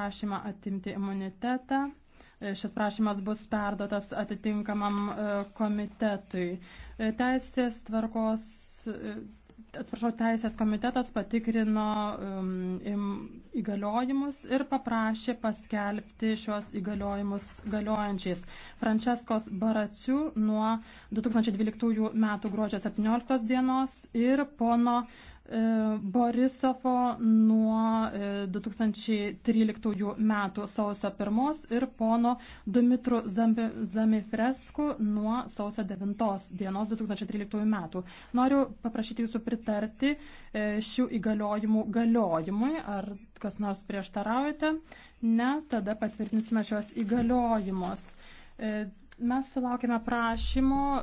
prašymą atimti imunitetą. Šis prašymas bus perdotas atitinkamam e, komitetui. E, teisės tvarkos, e, atsiprašau, teisės komitetas patikrino um, įgaliojimus ir paprašė paskelbti šios įgaliojimus galiojančiais. Franceskos Baracių nuo 2012 m. gruodžio 17 dienos ir pono e, Borisovo nuo 2013 e, metų sausio 1 ir pono Dumitru Zamifresku nuo sausio 9 dienos 2013 metų. Noriu paprašyti jūsų pritarti e, šių įgaliojimų galiojimui. Ar kas nors prieštaraujate? Ne, tada patvirtinsime šios įgaliojimus. E, mes sulaukime prašymo.